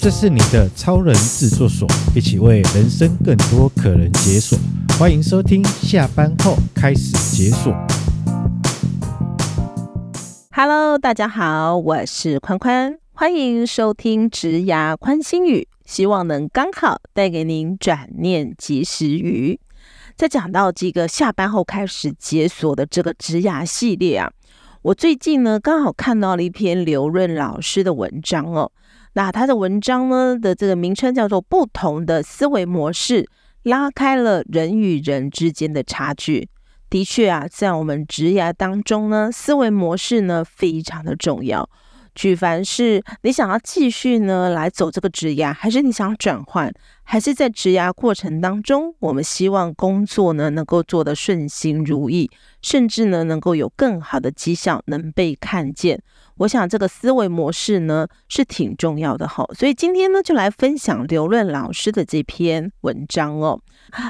這是你的超人製作所，一起為人生更多可能解鎖。歡迎收聽下班後開始解鎖。Hello，大家好，我是寬寬，歡迎收聽職涯寬心語，希望能剛好帶給您轉念及時雨。在講到這個下班後開始解鎖的這個職涯系列啊，我最近呢剛好看到了一篇劉潤老師的文章哦。那他的文章呢的這個名稱叫做《不同的思維模式，拉開了人與人之間的差距》。的確啊，在我們職業當中呢，思維模式呢非常的重要。舉凡是你想要繼續呢來走這個職涯，還是你想要轉換，還是在職涯過程當中，我們希望工作呢能夠做得順心如意，甚至呢能夠有更好的績效能被看見。我想這個思維模式呢是挺重要的吼。所以今天呢就來分享劉潤老師的這篇文章哦。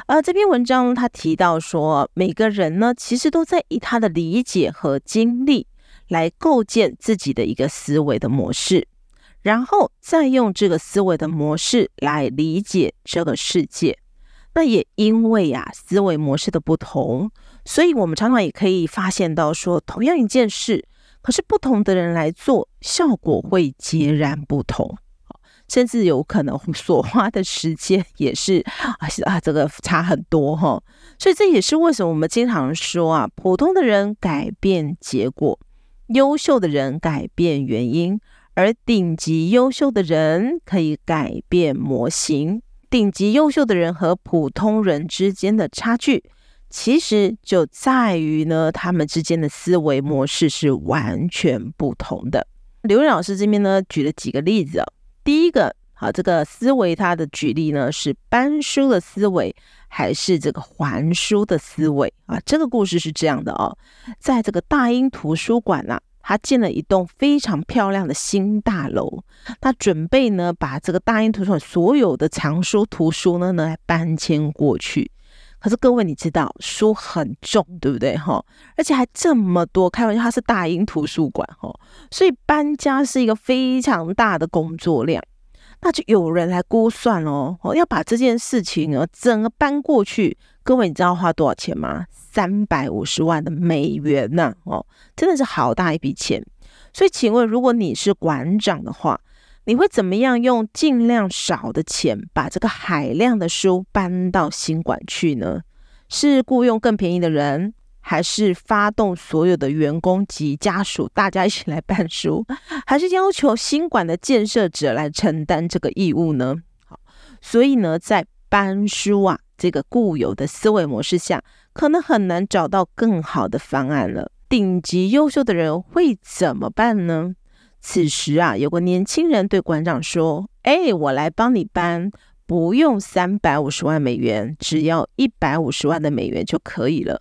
呃，這篇文章他提到說，每個人呢其實都在以他的理解和經歷。來構建自己的一個思維的模式，然後再用這個思維的模式來理解這個世界。那也因為呀、啊，思維模式的不同，所以我們常常也可以發現到說，說同樣一件事，可是不同的人來做，效果會截然不同，甚至有可能所花的時間也是啊啊，這個差很多哈、哦。所以這也是為什麼我們經常說啊，普通的人改變結果。優秀的人改變原因，而頂級優秀的人可以改變模型。頂級優秀的人和普通人之間的差距，其實就在於呢，他們之間的思維模式是完全不同的。劉老師這邊呢，舉了幾個例子、哦。第一個，好、啊，這個思維，他的舉例呢是搬書的思維，還是這個還書的思維啊？這個故事是這樣的哦，在這個大英圖書館吶、啊。他建了一棟非常漂亮的新大樓，他準備呢把這個大英圖書館所有的藏書圖書呢呢搬遷過去。可是各位你知道書很重，對不對哈？而且還這麼多，開玩笑，它是大英圖書館哈，所以搬家是一個非常大的工作量。那就有人來估算嘍，要把這件事情呢整個搬過去。各位，你知道花多少錢嗎？三百五十萬的美元呢、啊！哦，真的是好大一筆錢。所以，請問，如果你是館長的話，你會怎麼樣用盡量少的錢把這個海量的書搬到新館去呢？是僱傭更便宜的人，還是發動所有的員工及家屬大家一起來搬書，還是要求新館的建設者來承擔這個義務呢？好，所以呢，在搬書啊。這個固有的思維模式下，可能很難找到更好的方案了。頂級優秀的人會怎麼辦呢？此時啊，有個年輕人對館長說：“哎，我來幫你搬，不用三百五十萬美元，只要一百五十萬的美元就可以了。”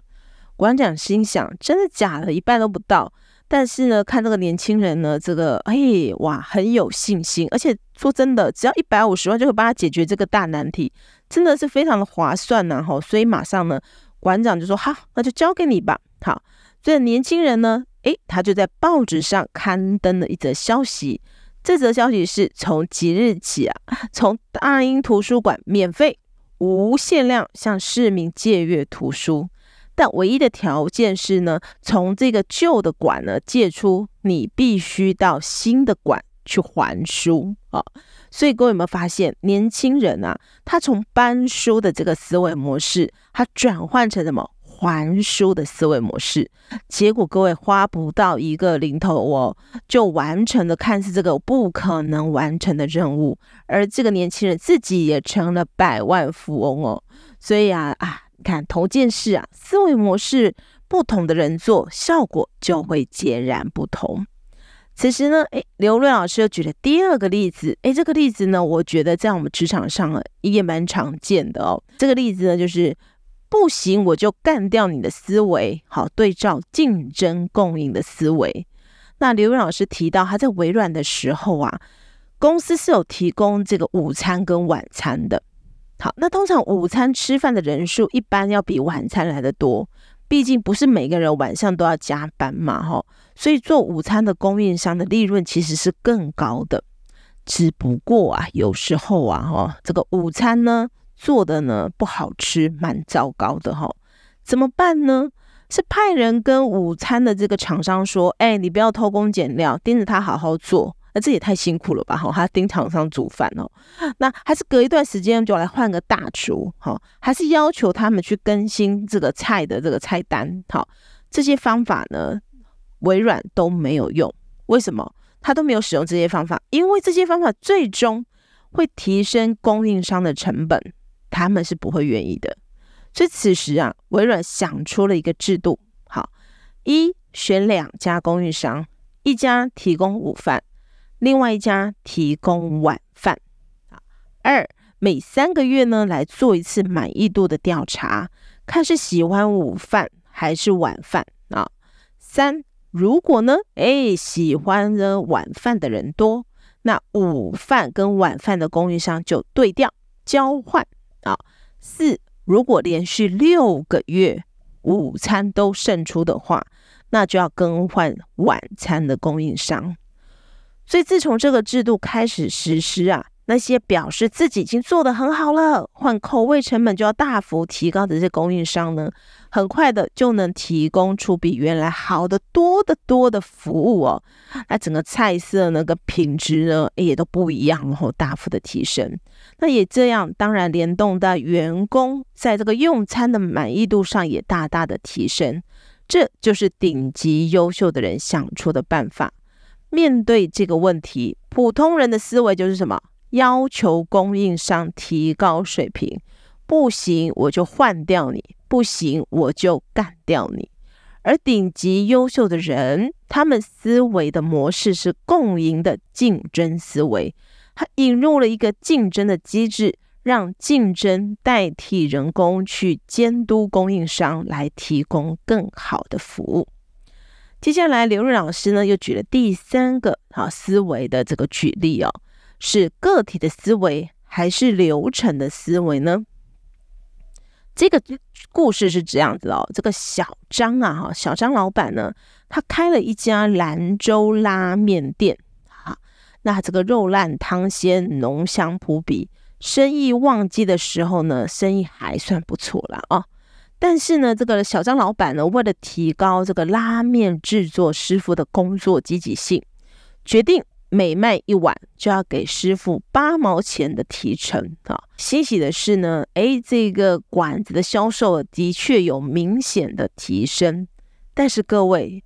館長心想：“真的假的？一半都不到。”但是呢，看這個年輕人呢，這個哎哇，很有信心，而且說真的，只要一百五十萬，就會幫他解決這個大難題。真的是非常的划算呢，吼！所以馬上呢，館長就說：“哈，那就交給你吧。”好，所以年輕人呢，誒，他就在報紙上刊登了一則消息。這則消息是從即日起啊，從大英圖書館免費、無限量向市民借閱圖書，但唯一的條件是呢，從這個舊的館呢借出，你必須到新的館。去還書啊，哦，所以各位有沒有發現，年輕人啊，他從搬書的這個思維模式，他轉換成什麼還書的思維模式？結果各位花不到一個零頭，哦，就完成了看似這個不可能完成的任務，而這個年輕人自己也成了百萬富翁哦。所以啊啊，看同件事啊，思維模式不同的人做，效果就會截然不同。其實呢，哎，劉潤老師又舉了第二個例子，哎，這個例子呢，我覺得在我們職場上也蠻常見的哦。這個例子呢，就是不行我就幹掉你的思維。好，對照競爭共贏的思維。那劉潤老師提到他在微軟的時候啊，公司是有提供這個午餐跟晚餐的。好，那通常午餐吃飯的人數一般要比晚餐來得多，畢竟不是每個人晚上都要加班嘛、哦，哈。所以做午餐的供應商的利潤其實是更高的，只不過啊，有時候啊，哈，這個午餐呢做的呢不好吃，蠻糟糕的哈。怎麼辦呢？是派人跟午餐的這個廠商說，哎，你不要偷工減料，盯着他好好做。那這也太辛苦了吧，哈，他盯廠商煮飯哦。那還是隔一段時間就來換個大廚，哈，還是要求他們去更新這個菜的這個菜單，哈，這些方法呢？微軟都沒有用，為什麼？他都沒有使用這些方法，因為這些方法最終會提升供應商的成本，他們是不會願意的。所以此時啊，微軟想出了一個制度：好，一選兩家供應商，一家提供午飯，另外一家提供晚飯；啊，二每三個月呢來做一次滿意度的調查，看是喜歡午飯還是晚飯啊；三。如果呢？哎，喜歡的晚飯的人多，那午飯跟晚飯的供應商就對調交換啊。四，如果連續六個月午餐都勝出的話，那就要更換晚餐的供應商。所以自從這個制度開始實施啊。那些表示自己已經做得很好了，換口味成本就要大幅提高的這些供應商呢，很快的就能提供出比原來好得多得多的服務哦。那整個菜色呢跟品質呢也都不一樣哦，然後大幅的提升。那也這樣，當然聯動的員工在這個用餐的滿意度上也大大的提升。這就是頂級優秀的人想出的辦法。面對這個問題，普通人的思維就是什麼？要求供應商提高水平，不行我就換掉你，不行我就幹掉你。而頂級優秀的人，他們思維的模式是共贏的競爭思維。他引入了一個競爭的機制，讓競爭代替人工去監督供應商，來提供更好的服務。接下來，劉潤老師呢又舉了第三個好、啊、思維的這個舉例哦。是個體的思維還是流程的思維呢？這個故事是這樣子哦，這個小張啊，哈，小張老闆呢，他開了一家蘭州拉麵店，哈，那這個肉爛湯鮮，濃香撲鼻，生意旺季的時候呢，生意還算不錯啦哦。啊，但是呢，這個小張老闆呢，為了提高這個拉麵制作師傅的工作積極性，決定，每賣一碗就要給師傅八毛錢的提成啊！欣喜的是呢，誒，這個館子的銷售的確有明顯的提升。但是各位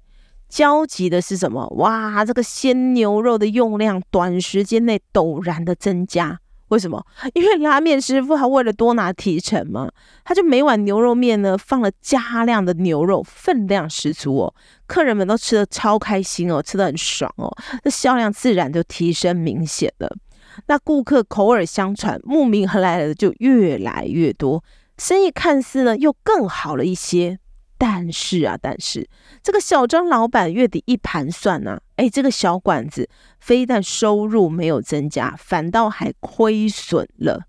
焦急的是什麼？哇，這個鮮牛肉的用量短時間內陡然的增加。為什麼？因為拉面師傅他為了多拿提成嘛，他就每碗牛肉麵呢放了加量的牛肉，分量十足哦，客人們都吃得超開心哦，吃得很爽哦，那銷量自然就提升明顯了。那顧客口耳相傳，慕名而來，來的就越來越多，生意看似呢又更好了一些。但是啊，但是這個小張老板月底一盤算呢、啊。哎，這個小館子非但收入沒有增加，反倒還虧損了。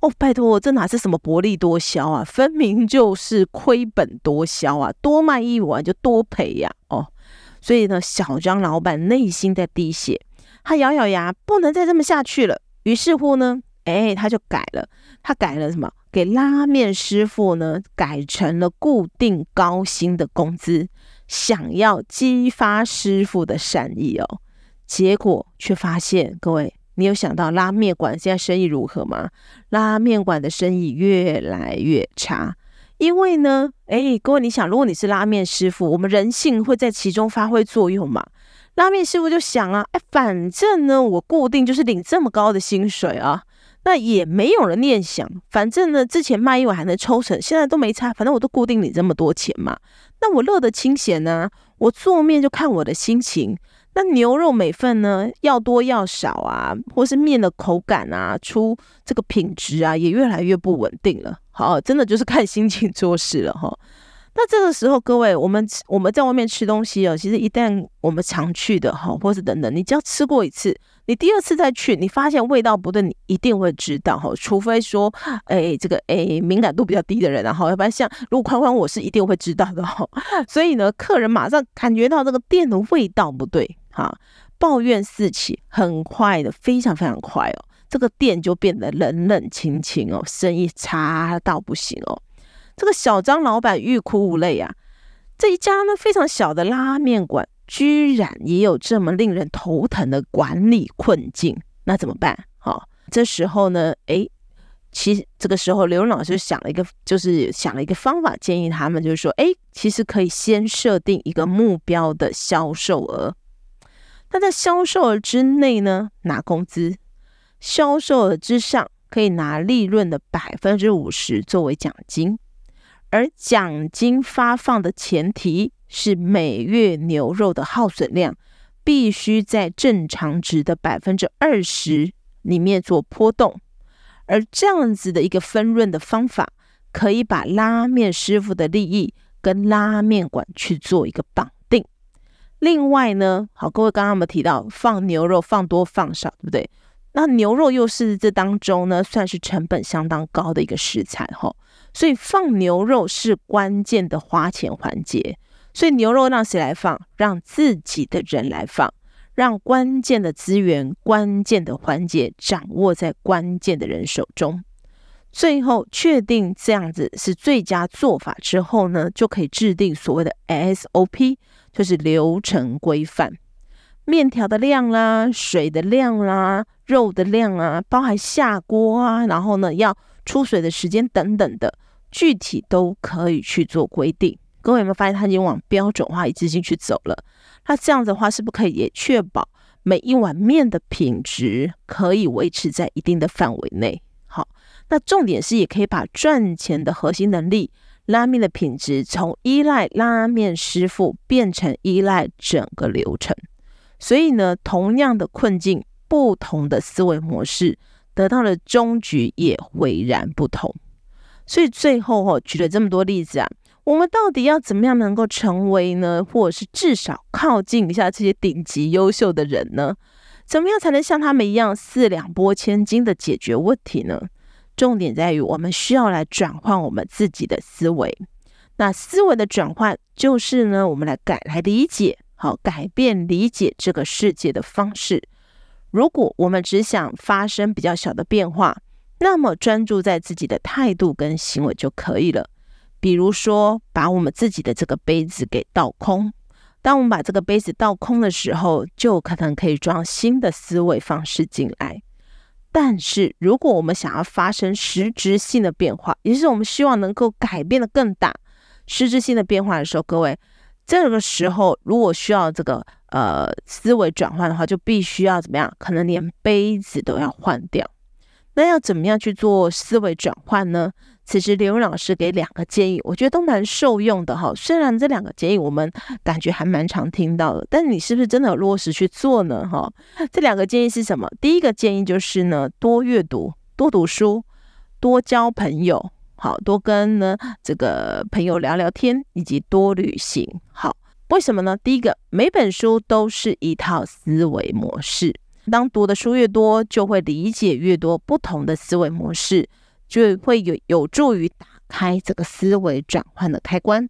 哦，拜托，這哪是什麼薄利多銷啊，分明就是虧本多銷啊，多賣一碗就多賠呀，啊。哦，所以呢，小張老板內心在滴血，他咬咬牙，不能再這麼下去了。於是乎呢，哎，他就改了，他改了什麼？給拉麵師傅呢，改成了固定高薪的工資。想要激發師傅的善意哦，結果卻發現，各位，你有想到拉面館現在生意如何嗎？拉面館的生意越來越差，因為呢，誒、欸，各位，你想，如果你是拉面師傅，我們人性會在其中發揮作用嗎？拉面師傅就想啊，哎，反正呢，我固定就是領這麼高的薪水啊，那也沒有了念想，反正呢，之前賣一碗還能抽成，現在都沒差，反正我都固定領這麼多錢嘛。那我樂得清閒呢，我做麵就看我的心情。那牛肉每份呢，要多要少啊，或是麵的口感啊，出這個品質啊，也越來越不穩定了。好，真的就是看心情做事了哈。那這個時候，各位，我們我們在外面吃東西哦，其實一旦我們常去的哈，或者等等，你只要吃過一次，你第二次再去，你發現味道不對，你一定會知道哈，除非說，誒、欸、這個誒、欸、敏感度比較低的人，然後要不然像如果寬寬我是一定會知道的哈，所以呢，客人馬上感覺到這個店的味道不對哈，抱怨四起，很快的，非常非常快哦，這個店就變得冷冷清清哦，生意差到不行哦。這個小張老闆欲哭無淚啊！這一家呢，非常小的拉麵館，居然也有這麼令人頭疼的管理困境，那怎麼辦？好，哦，這時候呢，誒，其實這個時候劉老師想了一個，就是想了一個方法，建議他們就是說，誒，其實可以先設定一個目標的銷售額，那在銷售額之內呢拿工資，銷售額之上可以拿利潤的百分之五十作為獎金。而獎金發放的前提是每月牛肉的耗損量必須在正常值的百分之二十裡面做波動，而這樣子的一個分潤的方法，可以把拉麵師傅的利益跟拉麵館去做一個綁定。另外呢，好，各位剛剛我們提到放牛肉放多放少，對不對？那牛肉又是這當中呢，算是成本相當高的一個食材，吼。所以放牛肉是關鍵的花錢環節，所以牛肉讓誰來放？讓自己的人來放，讓關鍵的資源、關鍵的環節掌握在關鍵的人手中。最後確定這樣子是最佳做法之後呢，就可以制定所謂的 SOP，就是流程規範。麵條的量啦，水的量啦，肉的量啊，包含下鍋啊，然後呢要出水的時間等等的。具體都可以去做規定，各位有沒有發現他已經往標準化一致性去走了？那這樣子的話，是不是可以也確保每一碗麵的品質可以維持在一定的範圍內？好，那重點是也可以把賺錢的核心能力，拉麵的品質，從依賴拉麵師傅變成依賴整個流程。所以呢，同樣的困境，不同的思維模式，得到的終局也迥然不同。所以最後哈、哦，舉了這麼多例子啊，我們到底要怎麼樣能夠成為呢？或者是至少靠近一下這些頂級優秀的人呢？怎麼樣才能像他們一樣四兩撥千斤的解決問題呢？重點在於我們需要來轉換我們自己的思維。那思維的轉換就是呢，我們來改來理解，好，改變理解這個世界的方式。如果我們只想發生比較小的變化，那麼專注在自己的態度跟行為就可以了。比如說，把我們自己的這個杯子給倒空。當我們把這個杯子倒空的時候，就可能可以裝新的思維方式進來。但是，如果我們想要發生實質性的變化，也是我們希望能夠改變的更大實質性的變化的時候，各位，這個時候如果需要這個呃思維轉換的話，就必須要怎麼樣？可能連杯子都要換掉。那要怎麼樣去做思維轉換呢？此時劉老師給兩個建議，我覺得都蠻受用的哈。雖然這兩個建議我們感覺還蠻常聽到的，但你是不是真的有落實去做呢？哈，這兩個建議是什麼？第一個建議就是呢，多閱讀、多讀書、多交朋友，好多跟呢這個朋友聊聊天，以及多旅行。好，為什麼呢？第一個，每本書都是一套思維模式。當讀的書越多，就會理解越多不同的思維模式，就會有有助於打開這個思維轉換的開關。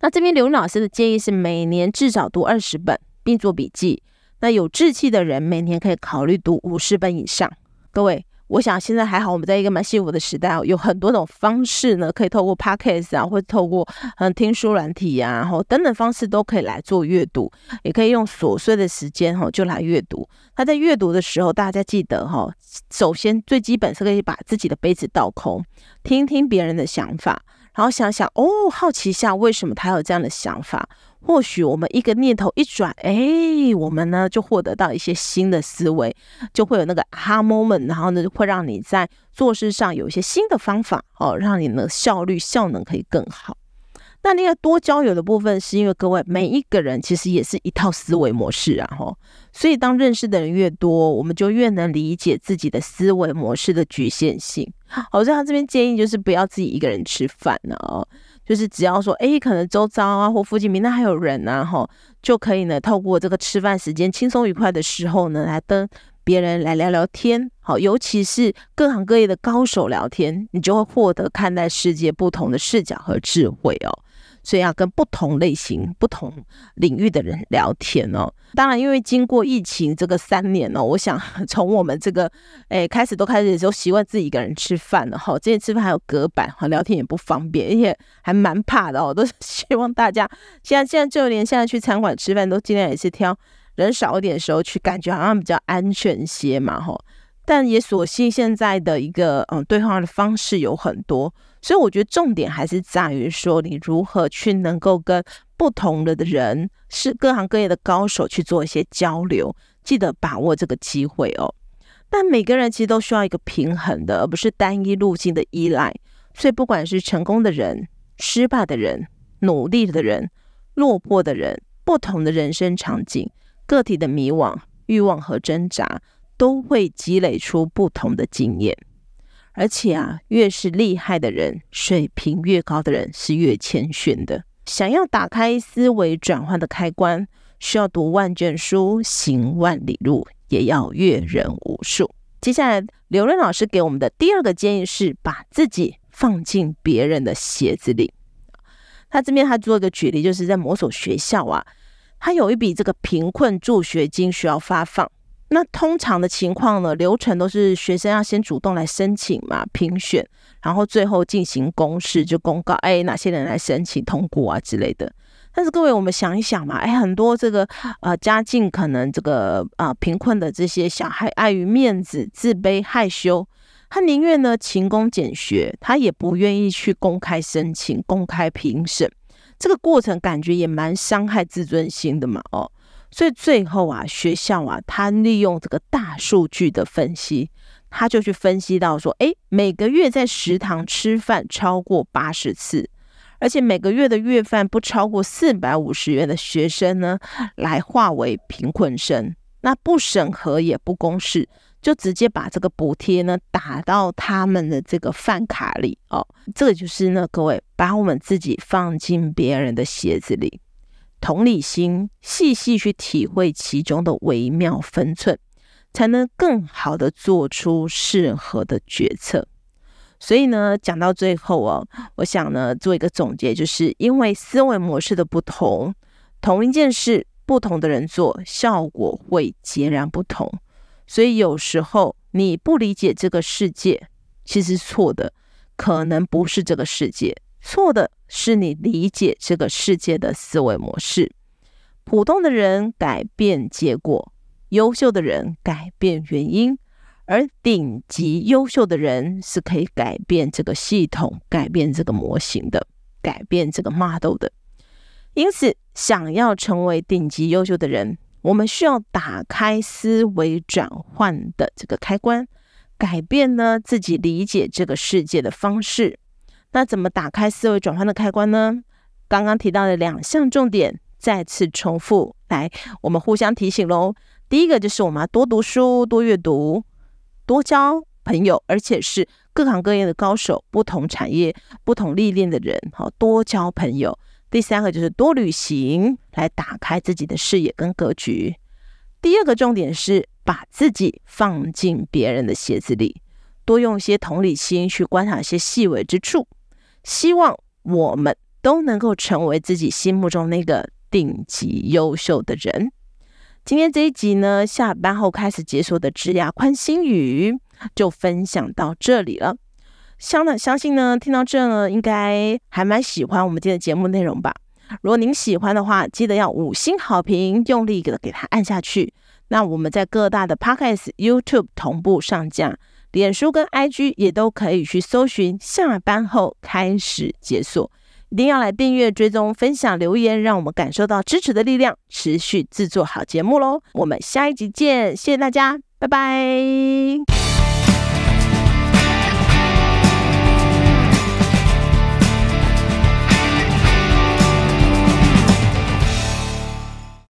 那這邊劉老師的建議是，每年至少讀二十本，並做筆記。那有志氣的人，每年可以考慮讀五十本以上。各位。我想現在還好，我們在一個蠻幸福的時代，有很多種方式呢，可以透過 podcast 啊，或透過嗯聽書軟體呀、啊，然後等等方式都可以來做閱讀，也可以用瑣碎的時間哈就來閱讀。他在閱讀的時候，大家記得哈，首先最基本是可以把自己的杯子倒空，聽聽別人的想法，然後想想哦，好奇一下為什麼他有這樣的想法。或許我們一個念頭一轉，哎，我們呢就獲得到一些新的思維，就會有那個 aha moment，然後呢會讓你在做事上有一些新的方法，哦，讓你的效率效能可以更好。那另外多交友的部分，是因為各位每一個人其實也是一套思維模式啊，吼、哦，所以當認識的人越多，我們就越能理解自己的思維模式的局限性。好、哦，所以他這邊建議就是不要自己一個人吃飯呢，哦。就是只要說，哎，可能周遭啊或附近，那還有人啊，吼、哦、就可以呢，透過這個吃飯時間輕鬆愉快的時候呢，來跟別人來聊聊天，好、哦，尤其是各行各業的高手聊天，你就會獲得看待世界不同的視角和智慧哦。所以要跟不同類型、不同領域的人聊天哦。當然，因為經過疫情這個三年哦，我想從我們這個哎、欸、開始都開始的時候習慣自己一個人吃飯了哈。之前吃飯還有隔板哈，聊天也不方便，而且還蠻怕的哦。都是希望大家現在現在就連現在去餐館吃飯都盡量也是挑人少一點的時候去，感覺好像比較安全些嘛哈。但也所幸現在的一個嗯對話的方式有很多。所以我覺得重點還是在於說，你如何去能夠跟不同的人，是各行各業的高手去做一些交流，記得把握這個機會哦。但每個人其實都需要一個平衡的，而不是單一路徑的依賴。所以不管是成功的人、失敗的人、努力的人、落魄的人，不同的人生場景、個體的迷惘、欲望和掙扎，都會積累出不同的經驗。而且啊，越是厲害的人，水平越高的人，是越謙遜的。想要打開思維轉換的開關，需要讀萬卷書，行萬里路，也要閱人無數。接下來，劉潤老師給我們的第二個建議是，把自己放進別人的鞋子裡。他這邊他做一個舉例，就是在某所學校啊，他有一筆這個貧困助學金需要發放。那通常的情況呢，流程都是學生要先主動來申請嘛，評選，然後最後進行公示，就公告，哎，哪些人來申請通過啊之類的。但是各位，我們想一想嘛，哎，很多這個呃，家境可能這個啊、呃，貧困的這些小孩，礙於面子、自卑、害羞，他寧願呢勤工儉學，他也不願意去公開申請、公開評審。這個過程感覺也蠻傷害自尊心的嘛，哦。所以最後啊，學校啊，他利用這個大數據的分析，他就去分析到說，誒、欸，每個月在食堂吃飯超過八十次，而且每個月的月飯不超過四百五十元的學生呢，來劃為貧困生。那不審核也不公示，就直接把這個補貼呢打到他們的這個飯卡裡。哦，這就是呢，各位把我們自己放進別人的鞋子裡。同理心，細細去體會其中的微妙分寸，才能更好的做出適合的決策。所以呢，講到最後哦，我想呢，做一個總結，就是因為思維模式的不同，同一件事，不同的人做，效果會截然不同。所以有時候你不理解這個世界，其實錯的可能不是這個世界。錯的是你理解這個世界的思維模式。普通的人改變結果，優秀的人改變原因，而頂級優秀的人是可以改變這個系統、改變這個模型的、改變這個 model 的。因此，想要成為頂級優秀的人，我們需要打開思維轉換的這個開關，改變呢自己理解這個世界的方式。那怎麼打開思維轉換的開關呢？剛剛提到的兩項重點，再次重複，來，我們互相提醒嘍。第一個就是我們要多讀書、多閱讀、多交朋友，而且是各行各業的高手、不同產業、不同歷練的人，好，多交朋友。第三個就是多旅行，來打開自己的視野跟格局。第二個重點是把自己放進別人的鞋子裡，多用一些同理心去觀察一些細微之處。希望我們都能夠成為自己心目中那個頂級優秀的人。今天這一集呢，下班後開始解鎖的職涯寬心語就分享到這裡了。相呢，相信呢，聽到這呢，應該還蠻喜歡我們今天的節目內容吧？如果您喜歡的話，記得要五星好評，用力給給它按下去。那我們在各大的 Podcast、YouTube 同步上架。臉書跟 IG 也都可以去搜尋，下班後開始解鎖，一定要來訂閱、追蹤、分享、留言，讓我們感受到支持的力量，持續製作好節目嘍！我們下一集見，謝謝大家，拜拜。